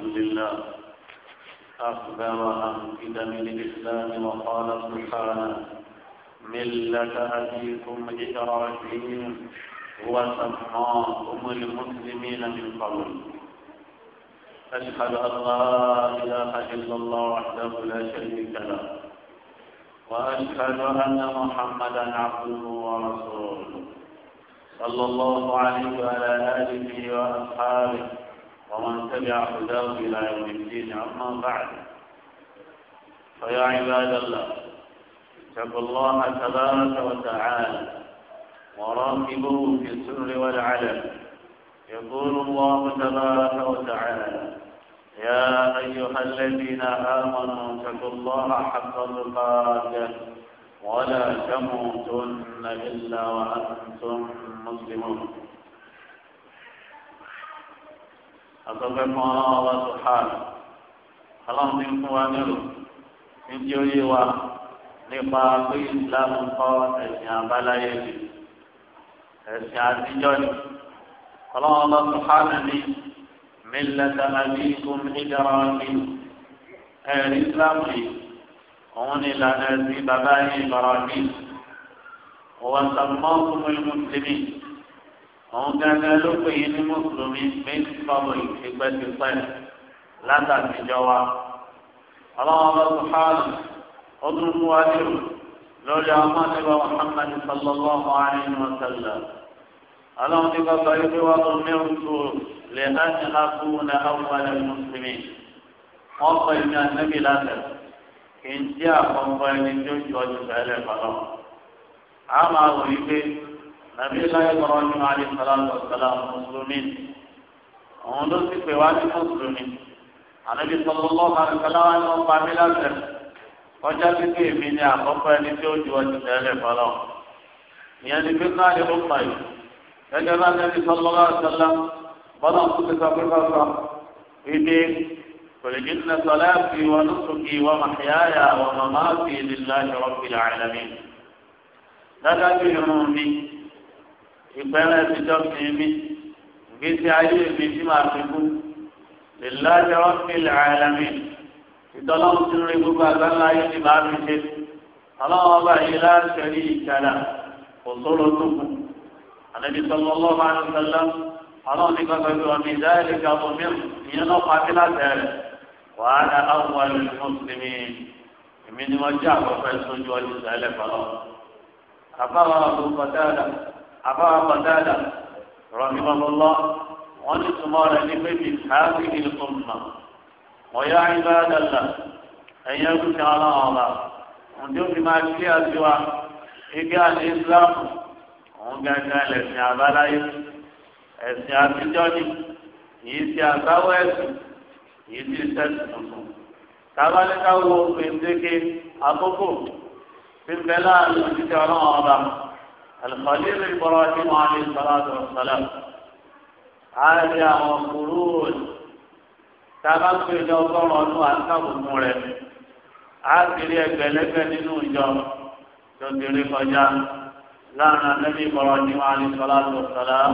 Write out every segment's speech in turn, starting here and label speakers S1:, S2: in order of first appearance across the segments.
S1: الحمد لله أخبر عن قدم الإسلام وقال سبحانه ملة أبيكم إبراهيم وسماكم المسلمين من قبل أشهد أن لا إله إلا الله وحده لا شريك له وأشهد أن محمدا عبده ورسوله صلى الله عليه وعلى آله وأصحابه ومن تبع هداه إلى يوم الدين أما بعد فيا عباد الله اتقوا الله تبارك وتعالى وراقبوه في السر والعلم يقول الله تبارك وتعالى يا أيها الذين آمنوا اتقوا الله حق تقاته ولا تموتن إلا وأنتم مسلمون àtọ́fẹ́ fún ọlọ́wọ́ sùhánù ọlọ́run ti ń fún wa nílò níbi oyé wa nípa pé ìsìlámù kọ́ ẹ̀sìn àbáláyé ni ẹ̀sìn àtijọ́ ni ọlọ́wọ́ sùhánù ni mílẹ̀tà àbíkún ìdáraọ̀ni ẹ̀rí ìsìlámù yìí òun ni ìlànà ẹ̀sìn bàbá yìí bàrọ̀ mi òun sàmọ́ fún mùsùlùmí òun gángan ló pè yín ní mùsùlùmí méjì fọmọ ìtìpẹ́tìpẹ́ látàtijọ́ wa ọlọ́wọ́n bá tó hánà ó tún mú wa nírò lórí ọmọ nígbà Muhammad sallallahu alayhi wa sallam ọlọ́wọ́n nígbà bá yí pé wà ló mẹ́rin tó lè láti àbúrò àwọn mùsùlùmí wọ́n kọ́ ìmí ànábì látẹ̀ kì í jẹ́ àkọ́kọ́ ẹni tó jọ jù bẹ́ẹ̀ lẹ́kọ̀ọ́ náà. àmọ́ àwọn yìí pé nàbí láyé kọ́rọ́ ní alẹ́ sàlámù sàlámù mùsùlùmí òun ló sì pè wá ní mùsùlùmí ànábi sọlọ́lọ́ kan kálá ní wọn pa mí láti kọjá pípé mi ní àkọ́kọ́ ẹni tí ó ju ọtí tẹ́lẹ̀ fọlọ́ ìyẹn ni pípa ni ó pa yìí gẹ́gẹ́ bá nàbí sọlọ́lọ́ sọlá bọ́lá tó ti sọ pé kọ́ sọ ibi kòlìjì ní sọlá fi wọn lùsùkì wọn màkìyáyà wọn màmá fi lìlá ìrọ̀bì àlàmì dáadáa ìpẹ́rẹ́ ìjọ sí mi gbèsè ayé mi tí màá fi kú lèlájọ ọ̀fìlẹ̀ àìlẹ́mì ìtọ́lọ́mù tí ń rí gbogbo àgbáńlá ayé ni màá fi ṣe ọlọ́wọ́ ọba yìí láṣẹ rí ìkàdà kò sóró tó kù àlejò sọlọ lọ́wọ́ àti sọlọ ọlọ́run ní kankan bí wọn ní ìdáyẹ̀lẹ̀ ká bọ̀ mí ìyẹn náà pa mí láti rẹ̀ wàá dá àwọn ẹlẹ́ni mùsùlùmí èmi ni wọ́n jẹ́ àkọ́kọ́ ẹ̀ sójú àbáwá kọ̀dáàdà rọ̀mí ọlọ́lọ́ wọ́n ní túmọ̀ rẹ̀ ní pé bíi káàbí ní ọmọ ọ̀yá ìbáradàlà ẹ̀yẹ́ kúkẹ́ ọlọ́run ọba ǹjẹ́ ó fi máa ṣí àtiwá igi àti Islam òun gángan lẹ̀sìn àbáláyé ẹ̀sìn àtijọ́ ni yìí ti àgbáwọ̀ ẹ̀sìn yìí ti sẹ́sìn tuntun tábàlẹ́ká wo gbèǹdéke àkókò tí ń bẹ láàrin òṣìṣẹ́ ọlọ́run ọba. الخليل إبراهيم عليه الصلاة والسلام هذا وقرون تبقى جوكم ونو أنكم نورة آخر يقلق ننو جو تنتري فجا لنا النبي إبراهيم عليه الصلاة والسلام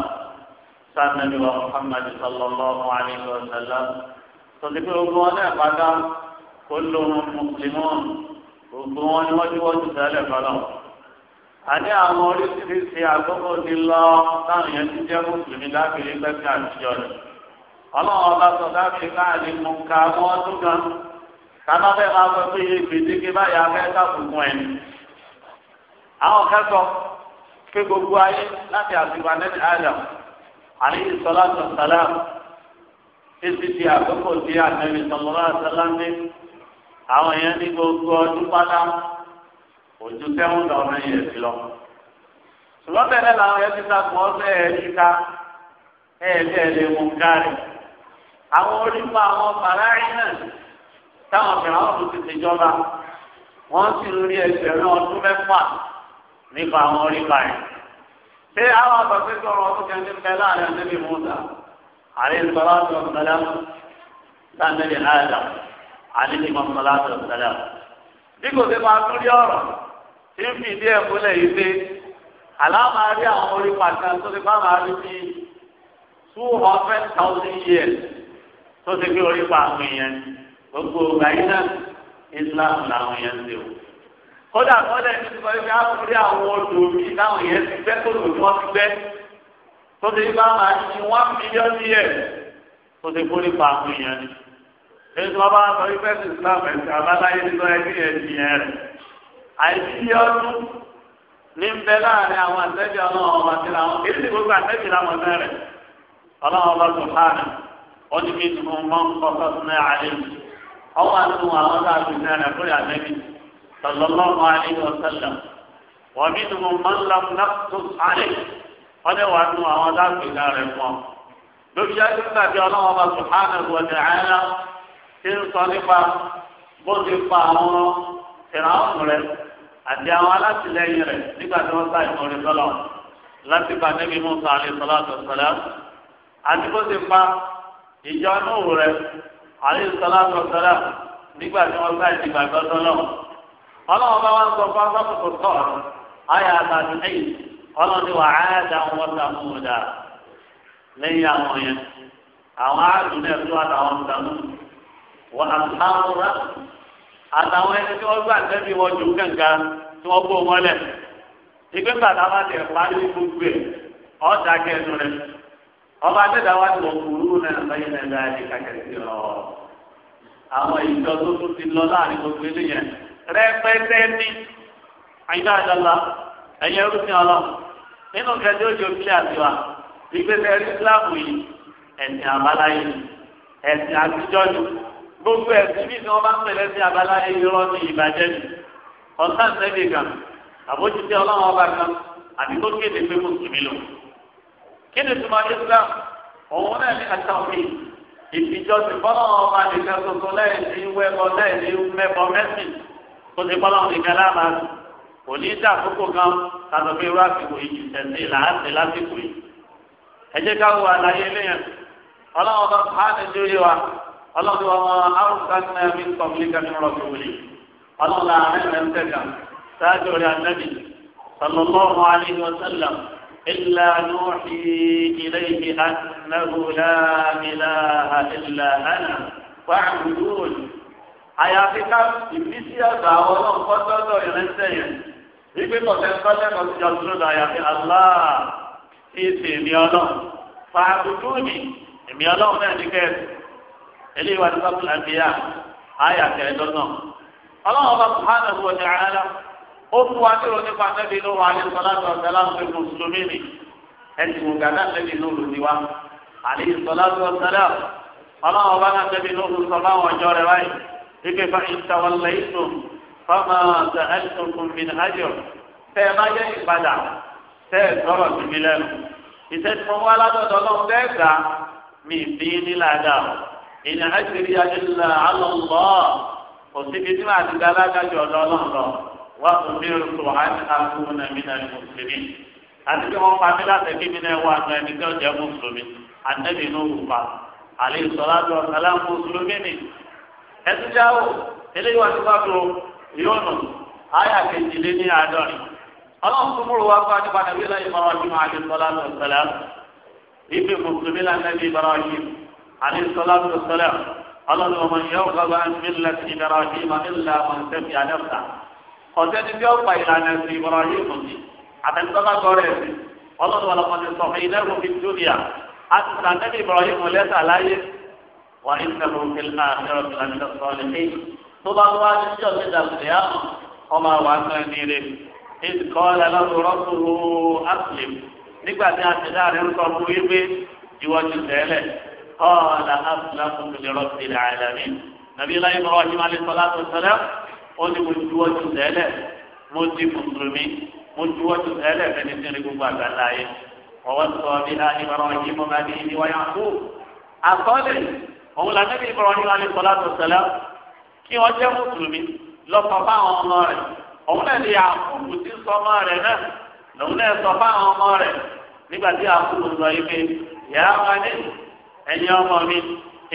S1: سان نبي محمد صلى الله عليه وسلم صدقوا أبوانا قدام كلهم مسلمون أبوانا وجوة سالة فلوه àní àwọn oríṣiríṣi àgbọ̀gbọ̀ ti lọ táwọn yẹn ti jẹ́ mùsùlùmí lábìrì pẹ́ẹ́sì àtijọ́ rẹ̀ ọlọ́run ọba sọ dábìrì káàdì mú ká mọ́ ọdún kan kàmá fẹ́ máa fẹ́ pé iye gbèdéke báyà fẹ́ sàkùnkùn ẹ̀ àwọn kẹ́kọ̀ọ́ pé gbogbo ayé láti àsìkò anẹ́tì adam àlejò sọlá tó sàlá títí di àkókò tí anẹ́tì àwọn yẹn ní gbogbo ọdún pátá ojú sẹ́wọ́n náà ọ̀nà yẹn ti lọ. ṣùgbọ́n bẹ́ẹ̀ làwọn yẹn ti ta kọ́ ọ́sẹ́ ẹ̀ kíka ẹ̀ bẹ́ẹ̀ lè mú gárì. àwọn onímọ̀ àwọn fàráì náà táwọn fìlà ọ̀dùn ti tìjọba wọ́n sì ń rí ẹgbẹ̀rún ọdún mẹ́fà nípa àwọn onípa yẹn. ṣé àwọn àgbàgbé sọ̀rọ̀ ọdún kẹ́ńtì ń bẹ láàrin ẹ̀ńtẹ́bí mọ́tà àrí ìsọ̀rọ̀ àti ọ̀sán bí kò sí máa tún rí ọ̀rọ̀ ìfì ní ẹ̀kúnlẹ̀ yìí pé àlámà rí àwọn orí pàtàkì tó ti bá máa rí bí two hundred thousand years tó ti gbé orí pa àwọn èèyàn gbogbo gbàyí náà Islam làwọn èèyàn ti wò. kódà kọ́lẹ̀ ní ti sọ pé a kúrí àwọn odò mi táwọn èèyàn ti gbẹ́ tó lò wọ́n ti gbẹ́ tó ti bá máa ní one million years tó ti gbórí pa àwọn èèyàn èyí tí wọ́n bá sọ pé Islam ẹ̀sìn àbáláyé ti sọ ẹbí ẹ̀ àìsí ọdún ní ń bẹ láàrin àwọn àtẹ́bí ọlọ́run ọba èyí ti gbogbo àtẹ́bí ọlọ́run ọba tó hàn ó ní bí tuntun àlẹ́ àwọn a fi bẹ̀rẹ̀ fún àtẹ́bí sallallahu alaihi wasallam wọ́n bí tuntun mọ́ lam nàkó àlẹ́ ọdẹ wà tún àwọn tá a fi bẹ̀rẹ̀ fún ọ. lóbi ọlọ́run ọba tó hàn àti àwọn alátìlẹyìn rẹ̀ nígbà tí wọ́n sá ìmọ̀rin sọ́lọ̀ láti bá níbi musa alayhisalatu wasalam àti bó ti pa ìjọ inú rẹ̀ alayhisalatu wasalam nígbà tí wọ́n sá ìdìgbà gbọ́sọ́lọ̀ ọlọ́run bá wọn sọ fún asọ́kùnkùn sọ ayé àtàdé ẹ̀yìn ọlọ́run ni wàá àádá wọn sàmúdà lẹ́yìn àwọn yẹn àwọn àádùn àtàwọn sàmúdà wọn àtàwọn àtàwọn ẹni tí wọ́n gbà tẹ́bi wọn jù gàngan tí wọ́n bó wọn lẹ̀ ìgbé bàtà bá tẹ̀ parí gbogbo ẹ̀ ọ̀dà kẹ́nu rẹ̀ ọba tẹ̀dá wá ti wọ̀ kúrú náà lẹ́yìn náà láti kàkẹ́ sí ọ. àwọn ìjọ tó tún ti lọ láàrin gbogbo eléyẹn rẹpẹtẹ ní àyíká àdàlà ẹ̀yẹ rúfin ọlọ nínú kẹjọ òjò kílẹ̀ àtiwá ìgbésẹ̀ rí síláàbù yìí ẹ̀sìn àbáláyé ẹ̀sìn àtijọ́ yìí gbogbo ẹ̀sìn bí ni wọ́n bá ń pèlè sí abala irọ́ ní ìbàjẹ́ ni ọ̀sán nẹ́bì kan àbójútó ọlọ́run ọba kan àti tó kéde pé mùsùlùmí lò kí ni tuma Islam òun náà ní àtàwé ìfijọ́sìn bọ́lọ́run ọba nìkan tuntun lẹ́yìn ní wẹ́bọ lẹ́yìn ní mẹ́bọ mẹ́sì tó ti bọ́lọ́run nìkan láàmà kò ní í dà àkókò kan kàtó pé irú àsìkò yìí tẹ̀sí làásì lásìkò yìí ẹ jẹ́ ká wo àlàyé lẹ́yìn ọlọ́run ọba pàánù ọlọ́run wa máa arúgbánná mi kọ̀mílíkà ní ọ̀rọ̀ ìwòlì ọlọ́run àárín rẹ̀ ń tẹ̀ka sáájú rẹ̀ ànábì sallallahu alayhi wa sallam illa nuhi ilayhi annahu la ilaha illa ana wa'budun àyàfi ká ìbísí àgbà àwọn náà kọ́ sọ́dọ̀ ìrẹsẹ̀ yẹn wípé kọ̀tẹ́ sọ́lẹ̀ kan ti jọ̀dún lọ́dọ̀ àyàfi Allah ti ṣe èmi ọlọ́run fàbùdúnì èmi ọlọ́run eléyìí wà ní sábúlà ń bíyà ayé àtẹ̀dọ́ náà ọlọ́run ọba sùhánà wọ̀ ní àárá ó fún wa nílò nípa nẹ́bí inú wa ní sọláṣọ sẹlám pé mùsùlùmí ni ẹ̀sìn ògàdá nẹ́bí inú lù ní wa àlè sọláṣọ sẹlám ọlọ́run ọba náà nẹ́bí inú lù sọ báwọn ọjọ́ rẹ wáyé ibi fa ìtawọlẹ̀ ìnà àṣírí àdìlà àlọ́lọ́ kò síbi tí màá ti gba alágbájọ ọ̀dọ́ ọlọ́run wà fún mi rúkú àti àkúnnà mi náà ní mùsùlùmí àti bí wọ́n pa mí láti kí mi náà wà ní ẹni tó jẹ́ mùsùlùmí ànẹ́bí inú wùpá àlẹ́ ìsọ̀lá tó ọ̀sálà mùsùlùmí ni ẹtú jáwó eléyìí wà nípa tó yóò nù ayà kejì lé ní àádọ́rin ọlọ́run tó múlò wá fún àdìpá láyé bá wà nínú عليه الصلاة والسلام قال ومن يرغب عن ملة إبراهيم إلا من سمع نفسه ọ̀sẹ́ni bí ọ̀pá ìlànà ẹ̀sìn ibrahim ni àtẹnudọ́gba gọ́rẹ́ ẹ̀sìn ọlọ́run ọlọ́mọdé sọ̀rọ̀ ìlẹ́rù fi dúnìá àti sàǹdẹ́bí ibrahim lẹ́sà láyé wà ní sẹ́fù fìlà àṣẹrọ fìlà nílẹ̀ sọ̀rọ̀ ní tó bá wá ní sí ọ̀sẹ̀ dàbẹ̀ yá ọmọ àwọn àgbà nílé ìdíkọ́ ẹlẹ́rù rọ́pùrù aslim nígbà tí àṣẹdá rẹ̀ ń sọ fún wípé ìwọ́jú tẹ́lẹ̀ قال أسلمت لرب العالمين نبي الله إبراهيم عليه الصلاة والسلام ó ní mo juwọ́ ju tẹ́lẹ̀ mo di mùsùlùmí mo juwọ́ ju tẹ́lẹ̀ fẹ́ni tí ní gbogbo àgbàlá yẹ ọwọ́ sọ bí láti ìbára yìí mo máa ní ní wáyà kú. àkọọ́lẹ̀ òun là níbi ìbára yìí wàá ní sọlá tó ṣẹlẹ̀ kí wọ́n jẹ́ mùsùlùmí lọ́kọ̀ fáwọn ọmọ rẹ̀ òun náà ní àkókò tí ń sọmọ rẹ̀ náà lòun náà sọ fáwọn ọmọ rẹ̀ nígbà tí àkókò sọ ibi yàrá wa ní ẹ̀yin ọmọ mi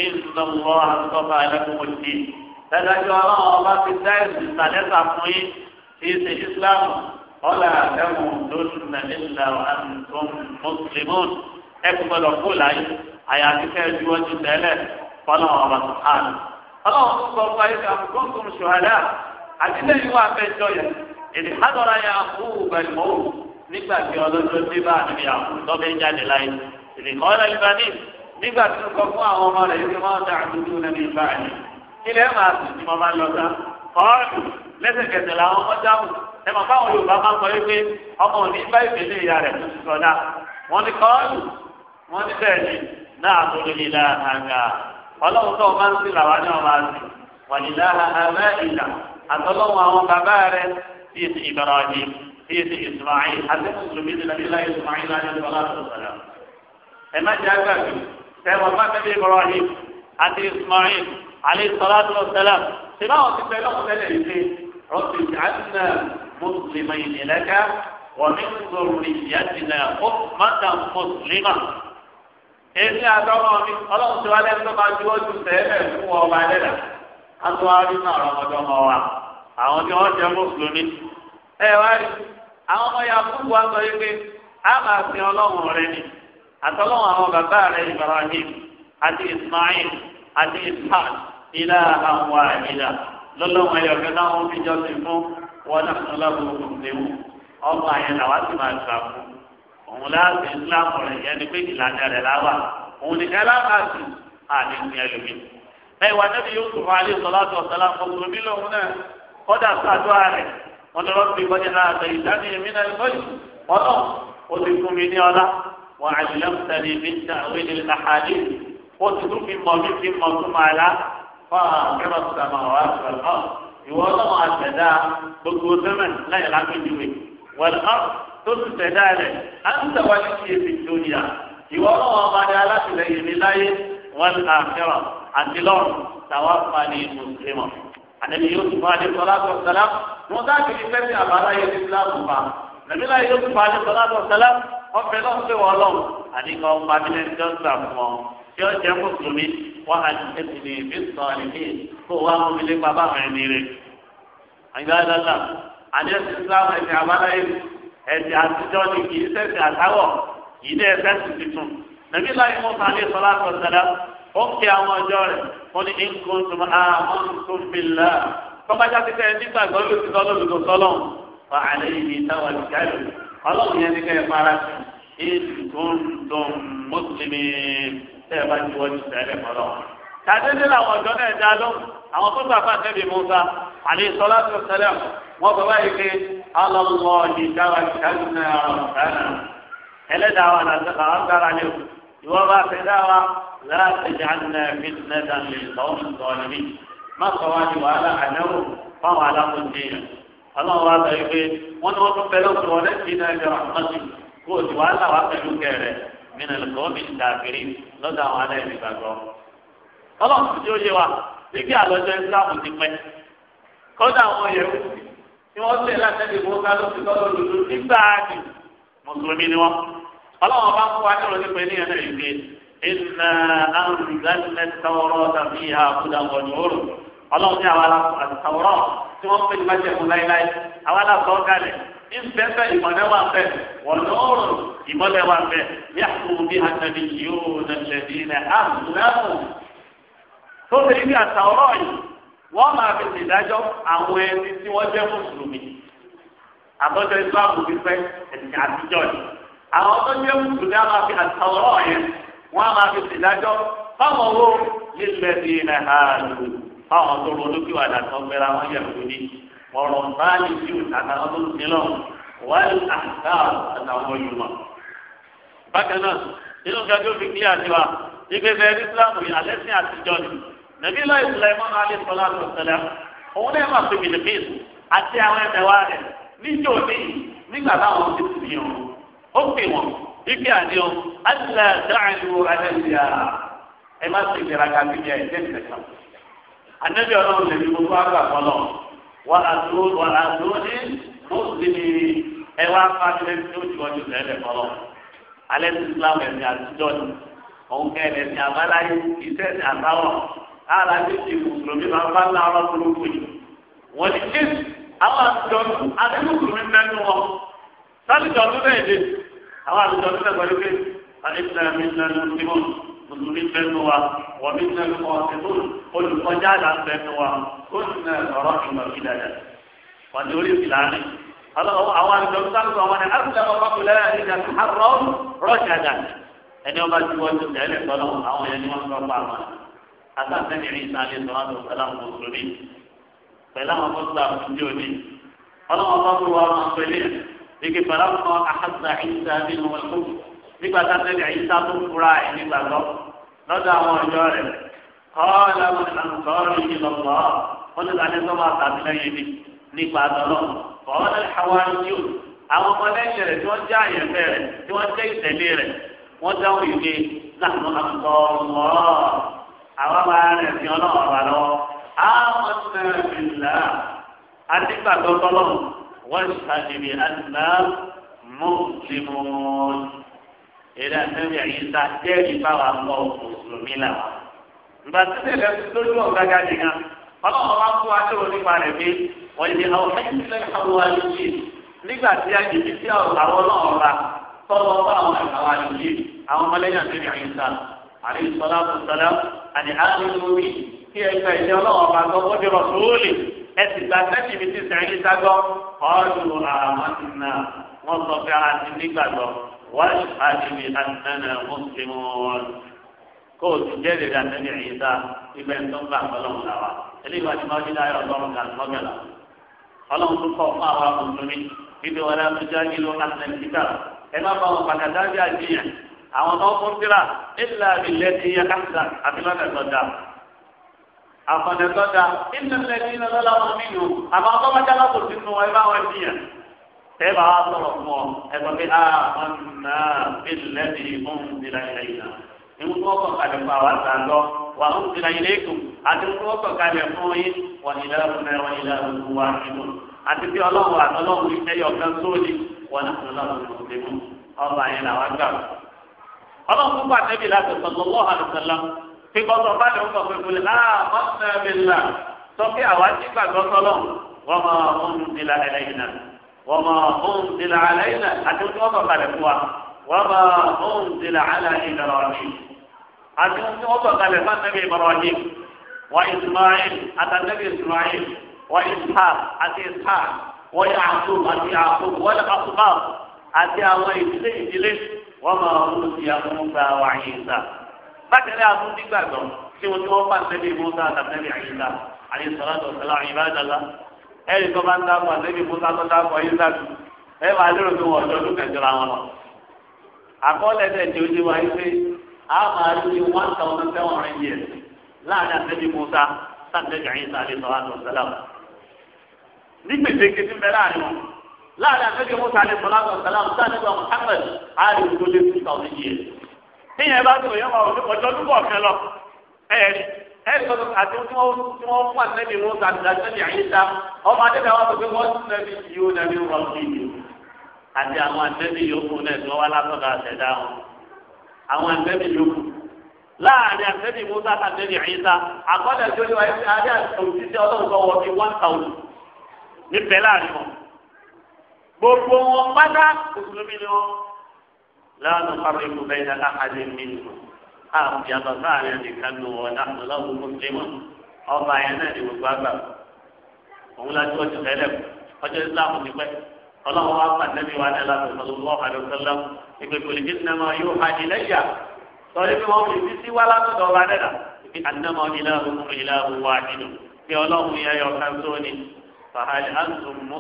S1: ìnà wọ àtọ́fà ẹlẹ́kùnkùn dì lẹ́dájọ́ ọlọ́run ọba ti dá ẹ̀sìn ìsàlẹ́sà fún yín tí í ṣe islam ọ̀là ẹ̀wọ̀n lóṣù nàìjíríà àtúntò mùsùlùmùn ẹ̀kú gbọdọ̀ kú láyé àyàfi kẹ́ ju ọjọ́ tẹ́lẹ̀ fọlọ́run ọba tó hàn. ọlọ́run tó sọ fún nígbà tí ó sọ fún àwọn ọmọ rẹ̀ yìí wọ́n dà dúdú lẹ́nu ìgbà yìí ilé máa sùn tí mo máa lọ sá kọ́ọ̀lù lẹ́sẹ̀kẹsẹ̀ làwọn ọmọ jáwù ẹ mọ̀ fáwọn Yorùbá máa ń sọ wípé ọmọ òní bá ìpínlẹ̀ ìyá rẹ̀ tó ti sọ náà wọ́n ní kọ́ọ̀lù wọ́n ní bẹ́ẹ̀ ni náà tó lè la àgà ọlọ́run tó máa ń sìn làwọn ní ọmọ àti wàlílá àbẹ́ ìlà àtọ́lọ́wọ́n àwọn bàbá rẹ̀ bíi ti Ibrahim bíi ti Ismail àti mùsùlùmí ti nàbí láyé láyé ọlọ́run sẹ́wọ̀n bá tẹ́lẹ̀ Ibrahim àti Ismail alayhi salatu wa salam ṣèlá wọn ti bẹ̀rẹ̀ ọ̀hún tẹ́lẹ̀ yìí pé rọ́bì àdínà mùsùlùmí ìnìlẹ́kà wọ́n mi ń sọ̀rọ̀ ìyàdínà ó mọ́tà mùsùlùmá. èmi àtọ́mọ mi ọlọ́run ti wá lẹ́nu tó máa juwọ́ ju sẹ́ẹ̀mẹ̀ fún wọn ọba ẹlẹ́dà á tó rí náà ọmọdọ́mọ wa àwọn tí wọ́n jẹ́ mùsùlùmí. ẹ wá rí àwọn ọmọ yà fún wa sọ yìí pé á máa sin ọlọ́run rẹ ni àtọ́lọ́wọ́n àwọn bàbá rẹ̀ Ibrahim àti Ismail àti Ishaq ilá àwọn àìlá lọ́lọ́wọ́n ayọ̀kẹ́ náà wọ́n fi jọ sí fún wọn náà fún lọ́wọ́ ọmọ àyẹn làwọn ti máa gbà fún òun láti Islam rẹ̀ yẹn pé ìlànà rẹ̀ láwà òun ni kẹ́lá máa sùn ní ẹlòmíì. bẹ́ẹ̀ wà nẹ́bí yóò tún alẹ́ sọlá tó ọ̀sán láǹkó lòun náà kọ́dà sàdúrà rẹ̀ wọ́n lọ́ọ́ fi kọ́jà náà àtẹ̀yìn náà lọ́yìn ọlọ́run وعلمتني من تأويل الأحاديث قلت في مضي في مضم على فاطر السماوات والأرض يوضع السداء بكو زمن لا يلعب الجوي والأرض تسدى أنت ولي في الدنيا يوضع مدالات إليه بالله والآخرة عند لون توفني مسلما النبي يوسف عليه الصلاة والسلام وذاك اللي سمع بلايا الإسلام نبي الله يوسف عليه الصلاة والسلام ọbẹ̀ náà pé wọ́n lọ́wọ́ àdìgbà ọba nílẹ̀ tó ń gbà fún ọ tí ó jẹ́ mùsùlùmí wọ́n á ti tẹ̀sí ní ìbí sọ̀rọ̀ ní kó wá wọn fi lé bàbá rẹ̀ ní rẹ̀. àyíkáyọ̀lá àdé islam ẹ̀sìn àbáláyé ẹ̀sìn àtijọ́ ni kì í ṣẹ̀sìn àtàwọ̀ yìí ní ẹ̀sẹ̀ sì tuntun. nàbí láyé mọ́tò alẹ́ sọlá tó sẹ́dá ó kí àwọn ọjọ́ rẹ̀ wọ́n ní nkùntùm àmọ́ntùmílà tọ́bajá ti tẹ̀ nígbàgbọ́ lóṣù tọ́lọ́ ọlọ́run yẹn ní kẹ́yẹ fara sí ìdùndùn mùsùlùmí tẹ́ ẹ bá ti wọ́n ti tẹ́lẹ̀ mọ́lọ́. tàdédé làwọn ọ̀dọ́ náà dá lọ àwọn tó gbàgbà tẹ́bi musa àlè sọlá tó ṣẹlẹ̀ wọn bàbá yìí pé alọ́lọ́ ìdára ìdáná ọ̀dáná ẹlẹ́dàá wa làtàkà ọ̀dára ni ìwọ bá fẹ́ dá láti jàǹdà fitness lè sọ́ọ́ ọlọ́run wa sọ pé wọ́n ní wọ́n tún fẹ́lẹ́ òkú wọn lẹ́sìn náà ẹgbẹ́ rahmatu kó o ti wá là wá pẹ̀lú kẹrẹ mìíràn lọ́kọ́ mi ti dàbírí lọ́dọ̀ àwọn alẹ́ mi gbàgbọ́. ọlọ́run tí ó yé wa níbi àlọ́jọ́ ìsìláàmù ti pẹ́ kọ́dà àwọn yẹ̀wù ni wọ́n tẹ̀ láti ẹ̀dẹ̀ mọ́ ká ló nígbà àdì mùsùlùmí ni wọ́n. ọlọ́run bá fún wa ọlọ́run ní àwọn àtàwọ̀rọ̀ tí wọ́n pè ní májẹ̀mú láíláí àwọn aláàbọ̀ kalẹ̀ ìfẹ́fẹ́ ìmọ̀lẹ́ wà fẹ́ wọ̀lọ́rùn ìmọ̀lẹ́ wà fẹ́ yàtò bí àtàbí yóò nàṣẹ̀ bí ilẹ̀ àmúlẹ́mù. tó ṣe ní àtàwọ̀rọ̀ yìí wọ́n máa fi ṣèdájọ́ àwọn ẹni tí wọ́n jẹ́ mùsùlùmí àtọ́jọ́ ìsìláàmù fífẹ́ ẹ̀sìn àtijọ́ yìí fáwọn tó ronú kí wàdà tó gbéra wọn yẹ kú ni ọ̀rọ̀ báyìí tí o tàbí àwọn tó ń sin lọ wáyé àtà àtàwọn olùmọ̀. bákan náà nínú gàdí òfin kílí àtiwá ìgbésẹ̀ islam yìí alẹ́ sìn àtijọ́ ni nàbí lọ́ọ̀ ìsìlẹ̀ mọ́nà alẹ́ sọlá tó ṣẹlẹ̀ òun náà máa fi bìlìbìl àti àwọn ẹ̀mẹ̀wá rẹ̀ níjó ní nígbà táwọn ti sì yàn ó pè wọ́n ibi àdéhùn alẹ́ dáhùn alẹ́ ìyá ẹ̀ anabi ọlọ́run lè fi gbogbo àgbà kọlọ wà àdúró wà àdúró ní mùsùlùmí ẹ wá fàdúrà tí ó jùlọ jù lẹ́lẹ̀ kọlọ alẹ́ ti islam ẹ̀sìn àtijọ́ ni òun kẹ́ ẹ̀sìn àbáláyé iṣẹ́ ẹ̀sìn àtàwọn ara ti ti mùsùlùmí máa bá ńlá ọlọ́ burúkú yìí wọ́n ti ké àwọn àtijọ́ àti mùsùlùmí mẹ́nu wọn sálìjọ́ tó bẹ́ẹ̀ dé àwọn àtijọ́ tó bẹ́ẹ̀ pẹ̀lú pé àti ìsìlámù ìsìlámù ti mọ̀ mùsùlùmí bẹnu wa wọ̀mí bẹnu wa ọ̀sẹ̀tún olùkọjá àlà bẹnu wa ó sì nà ọ̀rọ̀ ìmọ̀ kí dada wọ́n ti orí ìlà rẹ̀ àwọn àgbẹ̀ sáré wọn ni àbúlé ọkọ̀ kúlẹ̀ ìjà àrọ̀ rọ̀ṣàdà ẹni ọba tí wọ́n ti tẹ̀lé tọ́lọ́ àwọn ẹni wọ́n sọ pa àwọn àtàtẹ́ni rí ìsàlẹ̀ sọ́wọ́n tó sẹ́lá mùsùlùmí pẹ̀lú àwọn tó sọ àfúnjẹ́ òní ọlọ́wọ́n bá búrú wa máa pẹ̀lẹ́ ike pẹ̀lú àwọn àhàzà ìsàlẹ̀ wọn kú nígbà tá lọ́dọ̀ àwọn ọjọ́ rẹ̀ kọ́ọ̀lá wọn àǹtọ́rọ̀ yìí lọ́wọ́ wọn ti sáré sọ́mọ́ àtàlẹ́yìn ni nípa tọ́lọ́ kọ́ọ̀lá hawari yóò àwọn ọmọlẹ́yìn rẹ̀ tí wọ́n jẹ́ àyẹ̀fẹ́ rẹ̀ tí wọ́n jẹ́ ìtẹ̀lé rẹ̀ wọ́n dáhùn ìwé láàánú àǹtọ́rọ̀ àwọn ọmọ rẹ̀ fi ọlọ́wọ́ àwọn ọmọlẹ́yìn àdìgbàgbọ́ èdè àtẹ́wé àyíká jẹ́rìí báwa mọ mùsùlùmí là wà. ìgbà tí tẹ̀lé lójú ọ̀gá jáde gan ọlọ́run wa kó aṣọ́wó nípa rẹ̀ pé wọ́n yẹ àwọn ẹ̀yìnlẹ̀ àwọn àlùjì nígbà tí àjèjì tí àwọn ọlọ́run ra tọ́wọ́ bá àwọn àwọn àlùjì àwọn ọmọlẹ́yìn àtẹ́wé àyíká àrí sọlá sọlá àní àlùmí kí ẹ gba ìṣe ọlọ́run ọba gbọ́ ó dérò sóòlì ẹ sì gba sẹ́ẹ̀tì mi ti sẹ́yìn ságbọ́ ọ̀ọ́dù àwọn àmọ́ واشهد بأننا مسلمون كوت جري لا تبع عيسى يبين تنبع فلهم نرى اللي ما تماجد آية الله كان مجلا فلهم تنبع فاها مسلمين إذا ولا تجاهلوا أهل الكتاب إما فهم فكذا جاهلين àwọn tó fún síra ilà abilẹ̀ ti yẹ káńtà àbílọ́dẹ̀ tọ́jà àfọ̀dẹ̀ tọ́jà ilẹ̀ ti yẹ lọ́la wọn nínú àbá tẹ́lá sọ̀rọ̀ fún ọ ẹ̀sọ́ pé a ọ̀nà bílẹ̀dì ọ̀nbìlà ilẹ̀ ìlà ìwọ́n tó kọ̀ kalẹ̀ fún àwọn àtàndọ́ wà ọ̀nbìlà ilẹ̀ ìkù àti tó kọ̀ kalẹ̀ fún yín wà ilẹ̀ ọ̀nà wà ilẹ̀ ọ̀nà wà nínú àti bí ọlọ́run àtọ́lọ́run ẹyọ kan sóòlì wà nínú ọlọ́run ọba yẹn làwọn gbà ọlọ́run kó àtẹ́bí láti sọ wọ́mọ ohun tìlà àlẹ́ ilẹ̀ àti ohun tí wọ́n sọ̀kalẹ̀ fún wa wọ́mọ ohun tìlà àlẹ́ ìdọ̀rọ̀ ọ̀sìn àti ohun tí wọ́n sọ̀kalẹ̀ fún àtẹ́bí Ibrahim wa Ismail àtàtẹ́bí Ismail wa Ishaq àti Ishaq wa Yaqub àti Yaqub wa lakasuba àti àwọn ìdílé ìdílé wọ́mọ ohun tí a fún gba wa àyíṣà bákẹ́rẹ́ àfún tí wọ́n ti wọ́n fà àtẹ́bí Musa àtàtẹ́bí àyíṣà àyíṣà ẹ̀rí tó bá ń musa tó dábọ̀ yín sábì ẹ máa lérò pé wọ́n ọdún kẹjọra wọn lọ. àkọọ́lẹ̀ tẹ̀ tí ó ti wáyé pé a máa ní one thousand seven hundred years láàrin àtẹ́bí musa yín sáré ní tí ń bẹ láàrin wọn láàrin àtẹ́bí musa ní two thousand years. bá tó yẹ ẹsọ àti tí wọn tí wọn fún àtẹnì wọn sọ àti àtẹnì àyíṣà ọmọ adébẹ wọn sọ pé wọn tún nàbí yóò nàbí wọn bí yìí àti àwọn àtẹnì yòókù náà tí wọn wá látọ̀dọ̀ àtẹdá wọn àwọn àtẹnì yòókù láàrin àtẹnì musa àti àtẹnì àyíṣà àkọọdẹ tó lé wa ẹsẹ adé àtòsíṣẹ Ọlọ́run tó wọ bíi one thousand níbẹ̀ láàrin wọn gbogbo wọn pátá kùsùlùmí ni wọn láàrin kárí ìlú bẹ́ẹ̀ ní àrùn yàtọ̀ sáàrin nìkan ló wọ̀ láti lọ́wọ́ mùsùlùmí ọba yẹn náà ni gbogbo àgbà òun láti ọjọ́ tẹ́lẹ̀ ọjọ́ islam ti pẹ́ ọlọ́wọ́ wa pa nẹ́bí wa náà láti sọ̀rọ̀ àdókòlá ìgbèkùn ìdí nàmọ́ yóò ha ní lẹ́yà sọ̀rọ̀ bí wọ́n fi títí wá látọ̀dọ̀ wa náà ibi ànámọ́ ìlàhùn ìlàhùn wa nínú bí ọlọ́run yẹ yọ ká sóni fàhálì àtúntò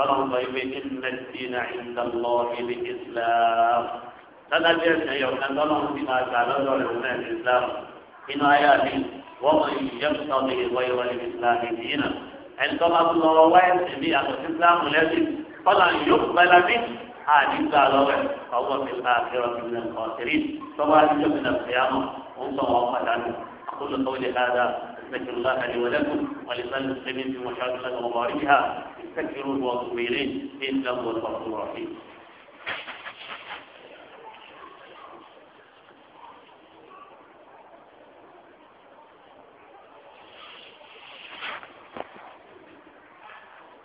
S1: قال الله إن الدين عند الله الإسلام فلا بيرجع يوم أن بما جعله الرحمن الإسلام إن آياتي ومن يبتغي غير الإسلام دينا عندما الله وعد بيئة الإسلام الذي فلن يقبل منه على جعله فهو في الآخرة من الخاسرين ثم أجد من القيامة وانتم وقعت عنه أقول قولي هذا أستغفر الله لي ولكم ولسان المسلمين في مشاكل مباركها تكفرون وأتوبوا إليه إنه هو الغفور الرحيم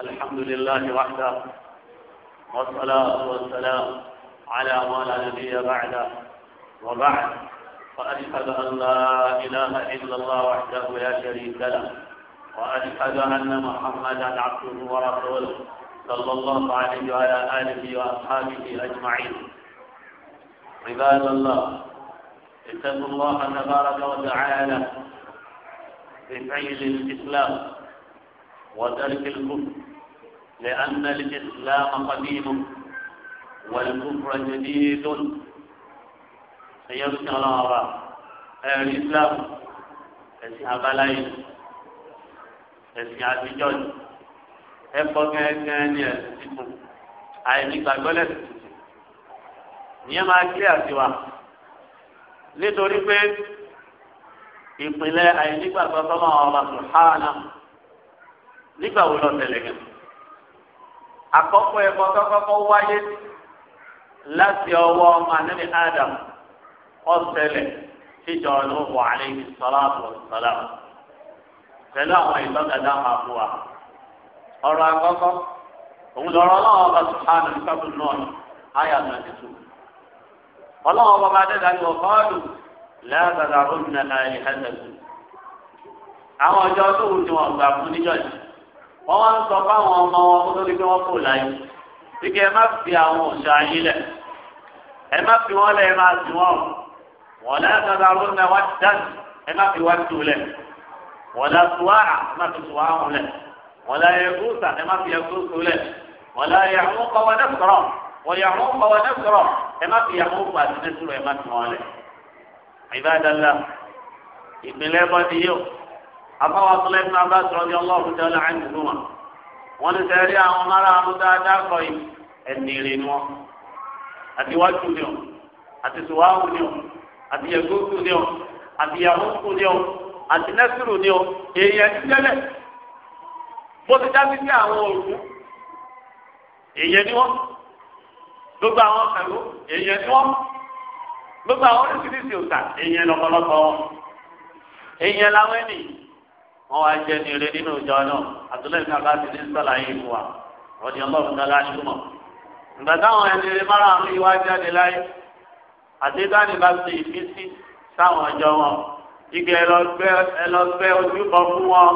S1: الحمد لله وحده والصلاة والسلام على ما لا نبي بعده وبعد فأشهد أن لا إله إلا الله وحده لا شريك له وأشهد أن محمدا عبده ورسوله صلى الله عليه وعلى آله وأصحابه أجمعين عباد الله اتقوا الله تبارك وتعالى بفعل الإسلام وترك الكفر لأن الإسلام قديم والكفر جديد يبشر الإسلام أسحب عليه ẹ̀sìn àtijọ́ ni ẹ̀kọ́ gẹ́gẹ́ ní ẹ̀sìn tuntun àìní gbàgbọ́ lẹ́sìn tuntun ìyẹn máa kílẹ̀ àtiwá nítorí pé ìpìlẹ̀ àìní gbàgbọ́ sọ́mọ́ ọba sùhánà nígbà wo lọ tẹ̀lé yẹn àkọ́kọ́ ẹ̀kọ́ wáyé láti ọwọ́ Adam ọ̀sẹ̀lẹ̀ tíjọ́ ọ̀nà òwò àlẹ́ ìsọ̀lá àbọ̀ àbọ̀. pẹ̀lú àwọn ìtọ́kadà máa fún wa. ọ̀rọ̀ àkọ́kọ́ òun lọ́rọ̀ ọlọ́wọ́ bá sùpáàdù sábù náà àyà náà ti tù. ọlọ́wọ́ bá bá dẹ́ta ní àwọn ọjọ́ tó wù ní wọn gbà fún níjọ́ sọ fáwọn ọmọ wọn kó pé wọ́n kò láyé. ẹ má fi àwọn òṣà yín lẹ̀. ẹ má fi wọ́n lẹ̀ ẹ má wọ́n. ẹ má fi lẹ̀. ولا سواع ما في سواع له ولا يغوث ما في يغوث له ولا يعوق ونسرا ويعوق ونسرا ما في يعوق ونسرا ما في ماله عباد الله ابن لبنيو أبا عبد الله بن عباس رضي الله تعالى عنهما ونسأل عمر عبد الله النيرين àti wájú ni ọ àti sùwáwù ni ọ àti yẹgúsù ni ọ àti yàhùnkù ni ọ àti nẹ́sìrù ni o èèyàn ti tẹ́lẹ̀ bó ti dábí sí àwọn òrùkú èèyàn ni wọ́n gbogbo àwọn pẹ̀lú èèyàn ni wọ́n gbogbo àwọn oríṣiríṣi òkà èèyàn lọ́pọ̀lọpọ̀ èèyàn làwọn ẹni wọn wá jẹ ní eré nínú ìjọ náà àtúnlẹ̀yìn kan bá ti ní sọ̀lá yìí fún wa wọ́n ní ọlọ́run náà láti mọ̀ ìgbà táwọn ẹni eré márùn-ún yìí wá jáde láyé àti dáni bá ti fi sí sáwọn ọjọ́ wọn igi ẹlọgbẹ ojúbọ fún wọn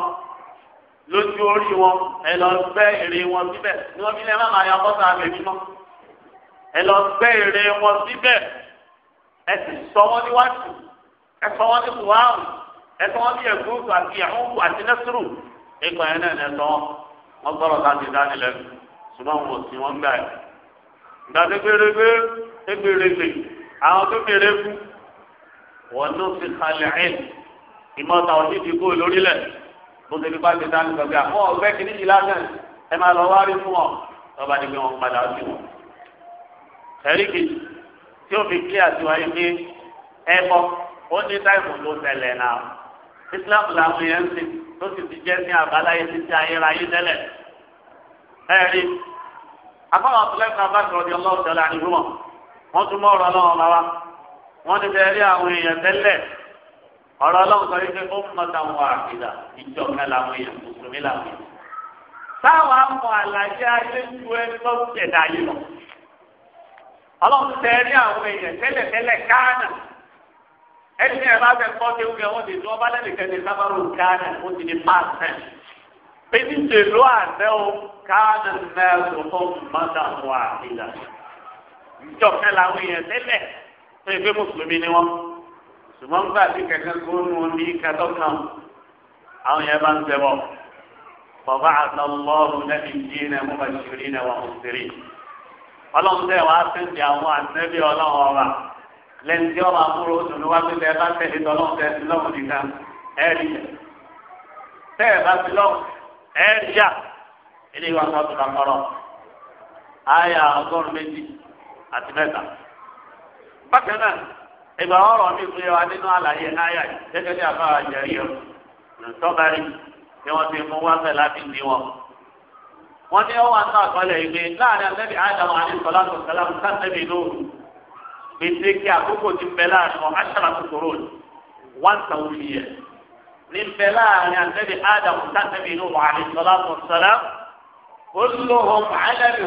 S1: lójú orí wọn ẹlọgbẹ èrè wọn síbẹ̀ ni wọn fi lẹ máa ya bọ́tà àbẹ̀bí mọ́ ẹlọgbẹ èrè wọn síbẹ̀ ẹ sì sọ wọn níwájú ẹ sọ wọn ní kùwárù ẹ sọ wọn ní ẹgbẹ́wòsàn àti ẹ̀húnkù àti nẹ́sùrù ẹgbẹ́ yẹn náà nẹ́sọ wọn wọn gbọ́dọ̀ láti dání lẹ́nu ṣùgbọ́n wọn ò sí wọn gbà yẹn. ìgbà tó gbèrègbè tó gbèrègbè àwọn tó gbèrè fún wọn ló fi kalẹ̀ ẹ̀ ìmọ̀ta ọ̀dí ti kó lórílẹ̀ bó ti fi bá ti dání sọ pé àwọn ọ̀gbẹ́ kìíní yìí lásán ẹ máa lọ wárí fún ọ lọ́ba ni pé wọ́n padà sí wọn. ẹ̀ríkì tí ó fi kí àtiwáyé pé ẹ bọ́ ó ní táìmù ló tẹ̀lẹ̀ náà Islam làwọn yẹn ń sìn tó sì ti jẹ́ ní àbáláyé títí ayérayé tẹ́lẹ̀ ẹ̀rí akọ́wọ́ ọ̀tún lẹ́kọ̀ọ́ bá sọ̀rọ̀ ọlọ́ọ̀tẹ́lẹ̀ àdìgúnmọ̀ wọ́n tún mọ́ ọ̀rọ̀ ọlọ́wọ́ máa wá wọ́n ti fẹ́ rí àwọn èèyàn tẹ́lẹ̀ ọ̀rọ̀ ọlọ́run sọ wípé ó mọ táwọn àkìlà ìjọba làwọn èèyàn mùsùlùmí làwọn èèyàn. táwọn amọ àlàyé ayé ju ẹni tó ń tẹ̀dá yìí lọ. ọlọ́run fẹ́ rí àwọn èèyàn tẹ́lẹ̀ tẹ́lẹ̀ káànà. ẹni tí ẹ bá kọ́ tí ó fi ọwọ́ ti tún ọba lẹ́nìkan ní sábàrún káànà ó ti di pàṣẹ. pé ní tèlú àṣẹ o káànà mẹ́rin tó mọ táwọn àkìlà ìjọba làwọn èèyàn tẹ́lẹ̀ pé pé mùsùlùmí ni wọ́n ṣùgbọ́n gbà tí kẹ̀kẹ́ gbóòórùn wọn ní kẹtọ́kàn àwọn yẹn bá ń tẹ̀ bọ̀ bàbá àtàlọ́ọ̀rù lẹ́bi yìí náà mo bá ṣèlérí náà wọ́n mú sèré ọlọ́run tẹ̀ wá sí ti àwọn àtẹ́bí ọlọ́run ọba lẹ́ni tí ọba múra oṣù ní wá pípẹ́ bá tẹ̀lé tọ́lọ́run tẹ̀ sí lọ́run nìkan ẹ̀rí bákan náà ìgbà ọ̀rọ̀ mi fún yẹ wa nínú àlàyé náírà gẹ́gẹ́ bí àbára jẹrí ọ nùtọ́bárì ni wọ́n ti mú wá fẹ́ láti ní wọn. wọ́n ní ọwọ́ àti àkọọ́lẹ̀ ìgbé láàrin àtẹ́bí àdàmọ́ àdìsọ́lá tó sẹ́lá tó sátẹ́bí lóòrùn gbèsè kí àkókò ti bẹ láàrin wọn aṣára tó kúrò one thousand years ní bẹ láàrin àtẹ́bí àdàmọ́ sátẹ́bí lóòrùn àdìsọ́lá tó sẹ́lá ó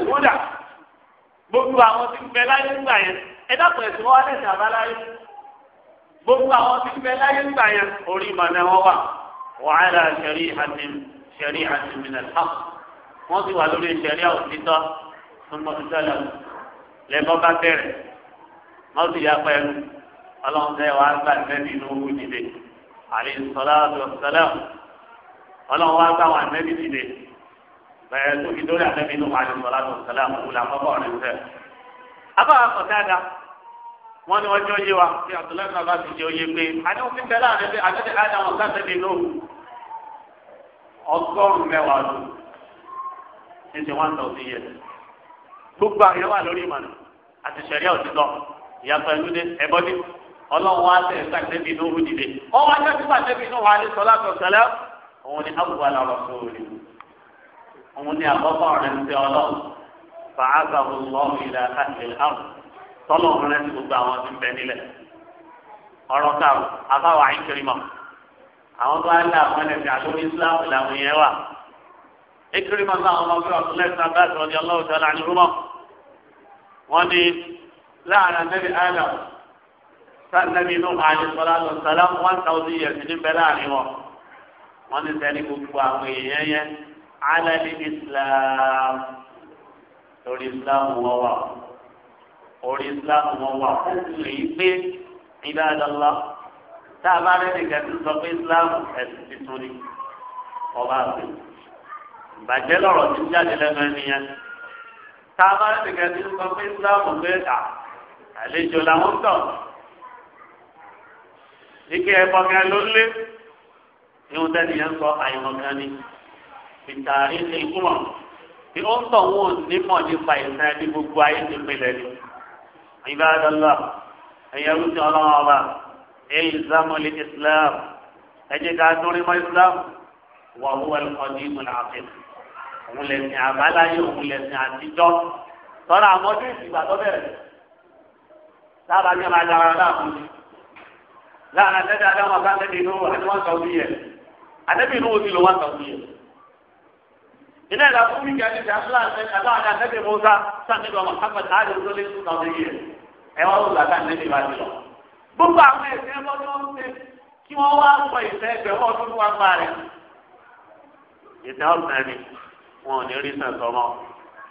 S1: húdà gbogbo àwọn ti bẹ láyé ńgbà yẹn ẹ dákun ẹ̀sìn wọn wá lẹ́sìn àbáláyé gbogbo àwọn tí bẹ láyé ńgbà yẹn orí ìmọ̀nà wọn wà wàhálà ṣẹ̀rí àti ṣẹ̀rí àti mìnàlá wọ́n sì wà lórí ṣẹ̀rí àwòtítọ́ fún mọ́tòtọ́lá lẹ́bọ́ bá bẹ̀rẹ̀ wọ́n sì yá pẹ́ẹ́nu ọlọ́run tẹ́ wàá gbà nẹ́bí inú owó dìde àlè sọlá sọlá ọlọ́run wàá gbà wàá nẹ́bí dìde bẹ̀rẹ̀ tó fi dórí àtẹ́bí inú àlè sọlá sọlá òun làkọ́kọ́ rẹ̀ fẹ́. abáwá kọ̀tá dáa wọ́n ní wọ́n jọ yé wa kí abdullahi náà bá ti jẹ́ oyè pé àní òfin bẹ́ẹ̀ láàrin pé àtẹ́tẹ́ adam ọ̀sán-tẹ́lẹ̀ ló ọgọ́rùn-ún mẹ́wàá lò ní ti one thousand years gbogbo àyè wà lórí ìmọ̀nà àti sẹ̀ríà òtítọ́ ìyàtọ̀ ìlú dé ẹ̀bọ́ dé ọlọ́run wa tẹ̀ sàtẹ́bí inú hù dìde wọ́n wá jẹ́ sípà tẹ́bí inú wa ní sọlá tó ṣẹlẹ̀ òun ni abúlé alọ́rọ̀ sóòrè òun ni àkọ́kọ́ rẹ̀ ń tẹ ọlọ́run fàákà tọ́lọ̀ ọ̀rẹ́ ti gbogbo àwọn tí ń bẹ nílẹ̀ ọ̀rọ̀ kàrò afáwọ̀ àyíkiri mọ̀ àwọn tó ń lé àpẹẹrẹ ti àlọ́ islam làwọn yẹn wà ekiri mọ̀ sáwọn ọmọ bíi ọ̀tún lẹ́sìn abáàtì ọ̀dí ọlọ́wọ́ tẹ́lẹ̀ ànírúmọ̀ wọ́n ní láàrin anábì adam sanabi inú àyè sọlá lọ sálá one thousand years ní bẹ́ẹ̀ láàrin wọn wọ́n ní sẹ́ni gbogbo àwọn èèyàn yẹn alẹ́ ní islam lórí islam wọ́n wà orí islam wọn wà fún èyí pé ìdáadọ́lá tá a bá rẹ́ni kẹ́tù sọ pé islam ẹ̀sìn tuntun ni ọba àti ìbàjẹ́ lọ́rọ̀ tí ń jáde lẹ́nu ẹni tá a bá rẹ́ni kẹ́tù sọ pé islam pé à àlejò làwọn tọ̀ ike ẹ̀kọ́ kan ló lé ìhun tẹ́lẹ̀ yẹn sọ àyẹ̀wò kan ni ìtàrí ní ìkúmọ̀ tí ó ń tọ̀ wọn ní mọ̀ nípa ìsìn ẹni gbogbo ayé ti pinlẹ̀ ni ibadallah ẹ̀yẹ rúti ọlọ́run ọba èyí ìsìlámù lè ìsìlámù ẹ̀jẹ̀ ká torí mọ́ ìsìlámù wà wúwo ẹ̀kọ́dí ìmúlàfẹ́ òun lè sìn àbáláyé òun lè sìn àtijọ́ tọ́lá àmọ́dún ìsìgbà tó bẹ̀rẹ̀ sábà ní ọmọ adára láàmú ni láàrin àtẹ́tẹ́ adáwọn ọ̀gá àtẹ́tẹ́ inú àti wọ́n sọ wíyẹ àtẹ́tẹ́ inú òsì ló wọ́n sọ wíyẹ. ilé ìlà fún mi kí a ti sàkúlà àtẹ́tẹ́ àtẹ́tẹ́ mọ́sá sàkúlà mọ́sá pẹ̀lú àdéhùn tó lé sùn náà wíyẹ ẹ wá wọ́n làtà níbi ìbá ti lọ. gbogbo àwọn ẹ̀sìn lọ́jọ́ ń ṣe kí wọ́n wá sọ ìfẹ́ ẹgbẹ̀rún ọdún tó wá ń bá rẹ̀. ìtẹ́ ọ̀sẹ̀ ni wọn ò ní rí sàn sọmọ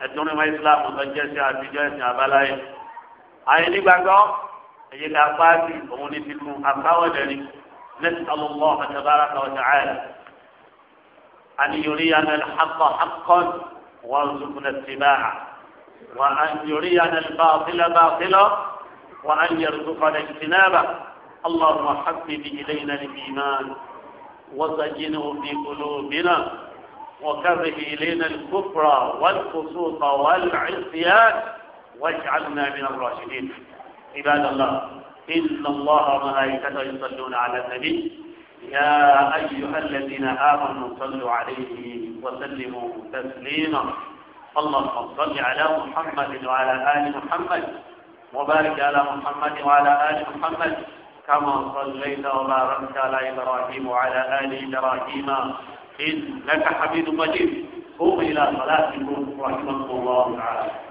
S1: ẹtún ní mẹ́sìlámù tó jẹ́ sí àtijọ́ ẹ̀sìn àbáláyé. àyè nígbàgbọ́ ẹ̀yẹ ká pààtì òun ní titun àbáwọ̀dẹ̀ ni nẹ́sàlùmọ́ àtàbáràkà ọ̀tà وأن يرينا الباطل باطلا وأن يرزقنا اجتنابه اللهم حبب إلينا الإيمان وزينه في قلوبنا وكره إلينا الكفر والفسوق والعصيان واجعلنا من الراشدين عباد الله إن الله وملائكته يصلون على النبي يا أيها الذين آمنوا صلوا عليه وسلموا تسليما اللهم صل على محمد وعلى آل محمد وبارك على محمد وعلى آل محمد كما صليت وباركت على إبراهيم وعلى آل إبراهيم إنك حميد مجيد قوم إلى صلاتكم رحمكم الله تعالى